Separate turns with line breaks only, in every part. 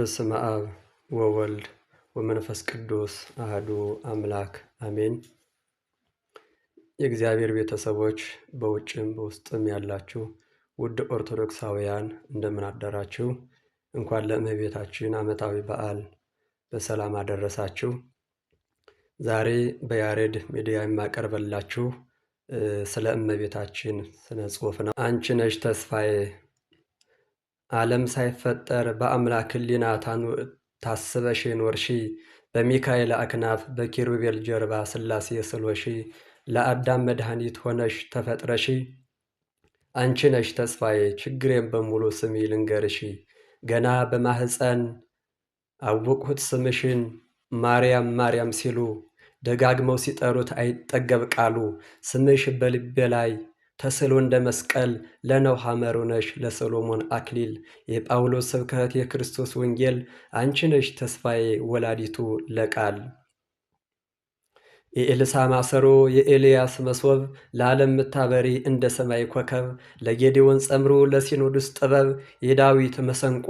በስመ አብ ወወልድ ወመንፈስ ቅዱስ አህዱ አምላክ አሜን። የእግዚአብሔር ቤተሰቦች በውጭም በውስጥም ያላችሁ ውድ ኦርቶዶክሳውያን እንደምን አደራችሁ? እንኳን ለእመቤታችን ዓመታዊ በዓል በሰላም አደረሳችሁ። ዛሬ በያሬድ ሚዲያ የማቀርበላችሁ ስለ እመቤታችን ስነ ጽሑፍ ነው። አንቺ ነሽ ተስፋዬ ዓለም ሳይፈጠር በአምላክ ሕሊና ታስበሽ ኖርሺ፣ በሚካኤል አክናፍ በኪሩቤል ጀርባ ሥላሴ ስሎሺ፣ ለአዳም መድኃኒት ሆነሽ ተፈጥረሺ። አንቺ ነሽ ተስፋዬ፣ ችግሬን በሙሉ ስሚ ልንገርሺ። ገና በማህፀን አውቅሁት ስምሽን፣ ማርያም ማርያም ሲሉ ደጋግመው ሲጠሩት አይጠገብ ቃሉ ስምሽ በልቤ ላይ ተስሎ እንደ መስቀል ለነው ሐመሩ ለሰሎሞን አክሊል የጳውሎስ ስብከት የክርስቶስ ወንጌል አንቺ ነሽ ተስፋዬ ወላዲቱ ለቃል የኤልሳ ማሰሮ የኤልያስ መሶብ ለዓለም ምታበሪ እንደ ሰማይ ኮከብ ለጌዴዎን ጸምሮ ለሲኖዶስ ጥበብ የዳዊት መሰንቆ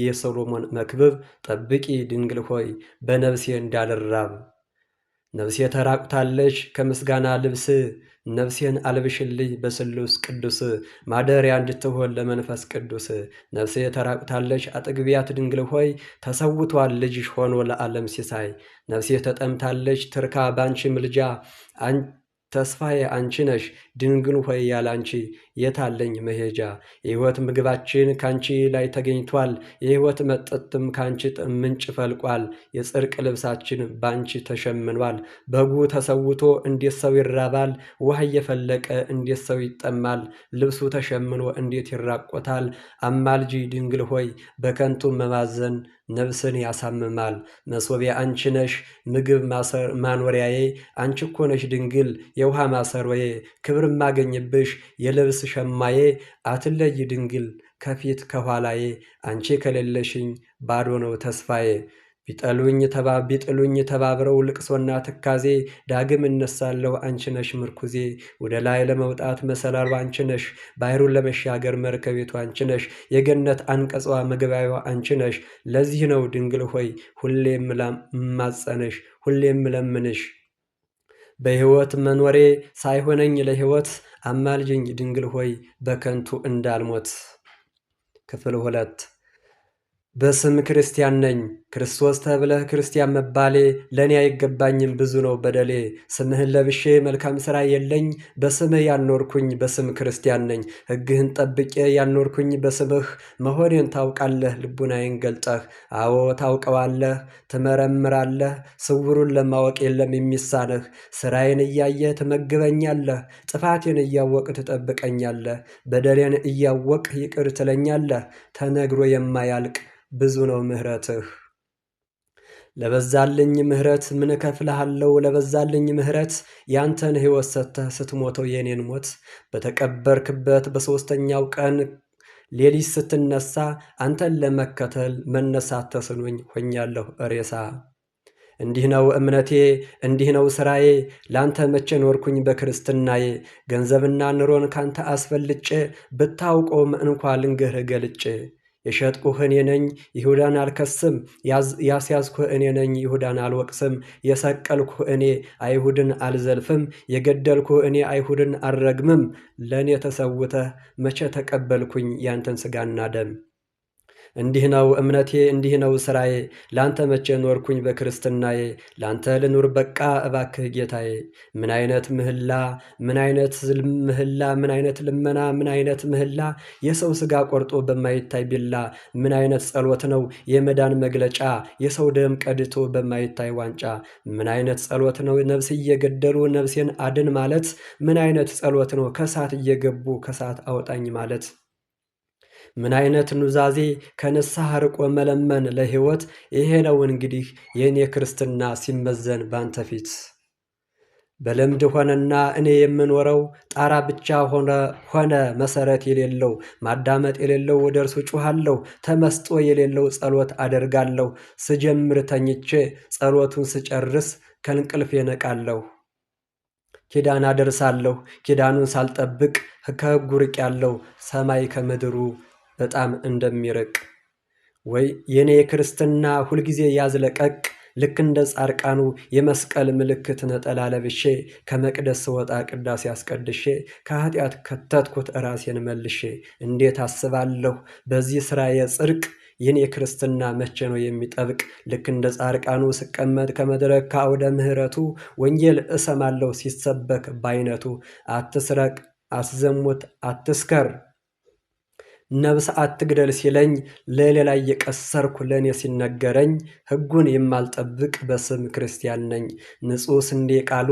የሰሎሞን መክብብ ጠብቂ ድንግል ሆይ በነብሴ እንዳልራብ ነፍሴ ተራቁታለች ከምስጋና ልብስ ነፍሴን አልብሽልኝ በስሉስ ቅዱስ ማደሪያ እንድትሆን ለመንፈስ ቅዱስ። ነፍሴ ተራቁታለች አጥግቢያት ድንግል ሆይ ተሰውቷል ልጅሽ ሆኖ ለዓለም ሲሳይ። ነፍሴ ተጠምታለች ትርካ ባንቺ ምልጃ ተስፋዬ አንቺ ነሽ ድንግል ሆይ ያለ አንቺ የታለኝ መሄጃ። የሕይወት ምግባችን ካንቺ ላይ ተገኝቷል፣ የሕይወት መጠጥም ካንቺ ምንጭ ፈልቋል። የጽርቅ ልብሳችን ባንቺ ተሸምኗል። በጉ ተሰውቶ እንዴት ሰው ይራባል? ውሃ እየፈለቀ እንዴት ሰው ይጠማል? ልብሱ ተሸምኖ እንዴት ይራቆታል? አማልጂ ድንግል ሆይ በከንቱ መማዘን ነፍስን ያሳምማል። መሶቢያ አንቺ ነሽ ምግብ ማኖሪያዬ፣ አንቺ እኮ ነሽ ድንግል የውሃ ማሰሮዬ ክብር ማገኝብሽ የልብስ ሸማዬ አትለይ ድንግል ከፊት ከኋላዬ አንቺ ከሌለሽኝ ባዶ ነው ተስፋዬ። ቢጠሉኝ ቢጥሉኝ ተባብረው ልቅሶና ትካዜ ዳግም እነሳለሁ አንቺ ነሽ ምርኩዜ። ወደ ላይ ለመውጣት መሰላሉ አንቺ ነሽ፣ ለመሻገር መርከቤቱ አንቺ ነሽ፣ የገነት አንቀጽዋ መግቢያዋ አንቺ ነሽ። ለዚህ ነው ድንግል ሆይ ሁሌ ማጸነሽ ሁሌም ለምንሽ። በሕይወት መኖሬ ሳይሆነኝ ለሕይወት አማልጅኝ ድንግል ሆይ በከንቱ እንዳልሞት። ክፍል ሁለት በስም ክርስቲያን ነኝ ክርስቶስ ተብለህ ክርስቲያን መባሌ ለእኔ አይገባኝም፣ ብዙ ነው በደሌ። ስምህን ለብሼ መልካም ሥራ የለኝ፣ በስምህ ያኖርኩኝ በስም ክርስቲያን ነኝ። ሕግህን ጠብቄ ያኖርኩኝ በስምህ፣ መሆኔን ታውቃለህ ልቡናዬን ገልጠህ። አዎ ታውቀዋለህ፣ ትመረምራለህ፣ ስውሩን ለማወቅ የለም የሚሳንህ። ሥራዬን እያየ ትመግበኛለህ፣ ጥፋቴን እያወቅ ትጠብቀኛለህ፣ በደሌን እያወቅ ይቅር ትለኛለህ። ተነግሮ የማያልቅ ብዙ ነው ምህረትህ ለበዛልኝ ምህረት ምን እከፍልሃለሁ? ለበዛልኝ ምህረት ያንተን ሕይወት ሰጥተህ ስትሞተው የእኔን ሞት በተቀበርክበት በሦስተኛው ቀን ሌሊት ስትነሳ አንተን ለመከተል መነሳት ተስኖኝ ሆኛለሁ ሬሳ። እንዲህ ነው እምነቴ፣ እንዲህ ነው ሥራዬ፣ ላንተ መቼ ኖርኩኝ በክርስትናዬ። ገንዘብና ኑሮን ካንተ አስፈልጬ ብታውቆም እንኳ ልንገርህ ገልጬ የሸጥኩህ እኔ ነኝ ይሁዳን አልከስም፣ ያስያዝኩህ እኔ ነኝ ይሁዳን አልወቅስም፣ የሰቀልኩህ እኔ አይሁድን አልዘልፍም፣ የገደልኩህ እኔ አይሁድን አልረግምም። ለእኔ ተሰውተህ መቼ ተቀበልኩኝ ያንተን ሥጋና ደም? እንዲህ ነው እምነቴ፣ እንዲህ ነው ሥራዬ፣ ላንተ መቼ ኖርኩኝ በክርስትናዬ፣ ላንተ ልኑር በቃ እባክህ ጌታዬ። ምን አይነት ምህላ፣ ምን አይነት ምህላ፣ ምን አይነት ልመና፣ ምን አይነት ምህላ፣ የሰው ሥጋ ቆርጦ በማይታይ ቢላ፣ ምን አይነት ጸሎት ነው የመዳን መግለጫ፣ የሰው ደም ቀድቶ በማይታይ ዋንጫ፣ ምን አይነት ጸሎት ነው ነብስ እየገደሉ ነፍሴን አድን ማለት፣ ምን አይነት ጸሎት ነው ከሳት እየገቡ ከሳት አውጣኝ ማለት ምን አይነት ኑዛዜ ከንስሐ ርቆ መለመን ለሕይወት! ይሄ ነው እንግዲህ የእኔ ክርስትና ሲመዘን ባንተ ፊት። በልምድ ሆነና እኔ የምኖረው ጣራ ብቻ ሆነ መሰረት የሌለው ማዳመጥ የሌለው ወደ እርሱ ጩኋለሁ፣ ተመስጦ የሌለው ጸሎት አደርጋለሁ። ስጀምር ተኝቼ ጸሎቱን ስጨርስ ከእንቅልፍ የነቃለሁ። ኪዳን አደርሳለሁ ኪዳኑን ሳልጠብቅ ከሕጉ ያለው ሰማይ ከምድሩ በጣም እንደሚርቅ ወይ የኔ የክርስትና ሁልጊዜ ያዝለቀቅ ልክ እንደ ጻርቃኑ የመስቀል ምልክት ነጠላ ለብሼ ከመቅደስ ስወጣ ቅዳሴ አስቀድሼ ከኃጢአት ከተትኩት ራሴን መልሼ እንዴት አስባለሁ በዚህ ሥራ የጽድቅ ይህን የክርስትና መቼ ነው የሚጠብቅ? ልክ እንደ ጻርቃኑ ስቀመጥ ከመድረክ ከአውደ ምሕረቱ ወንጌል እሰማለሁ ሲሰበክ በአይነቱ አትስረቅ፣ አስዘሙት፣ አትስከር ነብስ አትግደል ሲለኝ ለሌላ የቀሰርኩ ለእኔ ሲነገረኝ ሕጉን የማልጠብቅ በስም ክርስቲያን ነኝ። ንጹሕ ስንዴ ቃሉ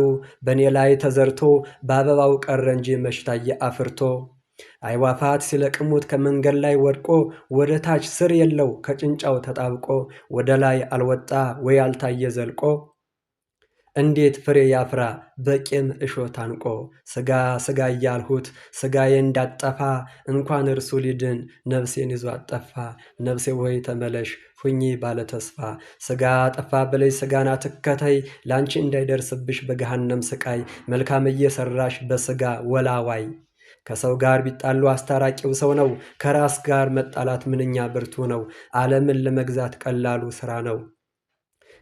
በእኔ ላይ ተዘርቶ በአበባው ቀረ እንጂ መሽታየ አፍርቶ አይዋፋት ሲለቅሙት ከመንገድ ላይ ወድቆ ወደ ታች ስር የለው ከጭንጫው ተጣብቆ ወደ ላይ አልወጣ ወይ አልታየ ዘልቆ እንዴት ፍሬ ያፍራ በቂም እሾህ ታንቆ ስጋ ስጋ እያልሁት ስጋዬ እንዳጠፋ እንኳን እርሱ ሊድን ነፍሴን ይዞ አጠፋ ነፍሴ ወይ ተመለሽ ሁኚ ባለ ተስፋ ሥጋ ጠፋ ብለሽ ሥጋን አትከተይ ላንቺ እንዳይደርስብሽ በገሃነም ስቃይ መልካም እየሰራሽ በስጋ ወላዋይ ከሰው ጋር ቢጣሉ አስታራቂው ሰው ነው። ከራስ ጋር መጣላት ምንኛ ብርቱ ነው። ዓለምን ለመግዛት ቀላሉ ሥራ ነው።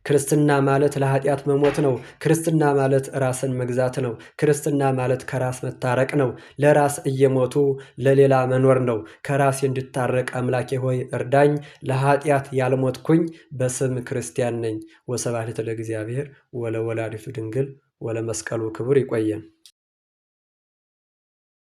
ክርስትና ማለት ለኃጢአት መሞት ነው። ክርስትና ማለት ራስን መግዛት ነው። ክርስትና ማለት ከራስ መታረቅ ነው። ለራስ እየሞቱ ለሌላ መኖር ነው። ከራሴ እንድታረቅ አምላኬ ሆይ እርዳኝ። ለኃጢአት ያልሞትኩኝ በስም ክርስቲያን ነኝ። ወስብሐት ለእግዚአብሔር ወለወላዲቱ ድንግል ወለመስቀሉ ክቡር። ይቆየን።